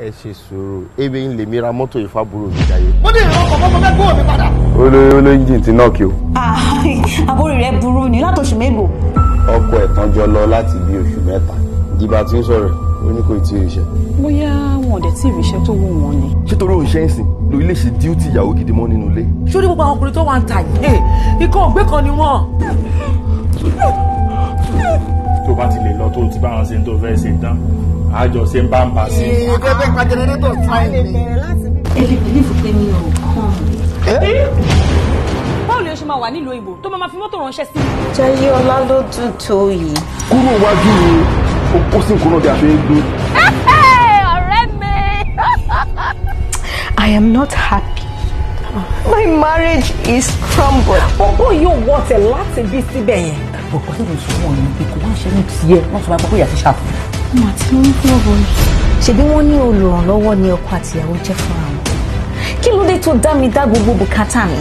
ẹ ṣe sùúrù ebe ń lè mi ra mọ́tò ìfábùrò mi jáyé. mo ní ìrọ̀kọ̀ fọ́fọ́ fẹ́ gbówó mi padà. olóyè olóyè jìn ti náà kí o. àbórí rẹ burú ni látòṣù mélòó. ọkọ ẹ̀tàn jọ lọ láti bí oṣù mẹ́ta dìbà tí ń sọ̀rọ̀ ó ní kò tí ì ríṣẹ́. bóyá wọn ò dẹ̀ tí ì ríṣẹ́ tó wù wọ́n ni. nítorí òun ṣe ń sìn lórí lè ṣe díútì ìyàwó gidi mọ́ nínú ilé. sórí gbogbo àwọn ọkùnrin tó wà ń ta yìí ikọ̀ ògbé kan ni wọ́n. tó bá ti lè lọ tó ti bá wọn ṣe ń tó fẹ́ ṣe tán àjọ ṣe ń bá ń bá sí. ìgbẹ́ bẹ́ẹ̀ pa jẹnẹrétọ̀ sáyẹn ẹ lè bìlífù pé mi ò kàn. báwo ni o ṣe máa wà nílùú òyìnbó tó máa fi mọ́tò ránṣẹ́ sí mi. jayé ọlá ló dùn tó yìí. kúrò wájú mi o kó sí nǹkan bí a ṣe ń gbé. ọ̀rẹ́ mi. I am not happy. My marriage is crumbled. Gbogbo yóò wọ̀tẹ̀ láti bí síbẹ̀ yẹn. Bọ̀kọ́ tí mo sọ wọn ni pé kò wá ṣe ní tiẹ̀ wọ́n sọ ma gbọ́ pé ìyá ti ṣàfihàn mo àti lóyún fún ọ̀rọ̀ yìí. ṣebí wọ́n ní olùrànlọ́wọ́ ni ọkọ àtìyàwó jẹ́ fúnra wọn kí ló dé tó dá mi dá gbogbo bùkátà mi.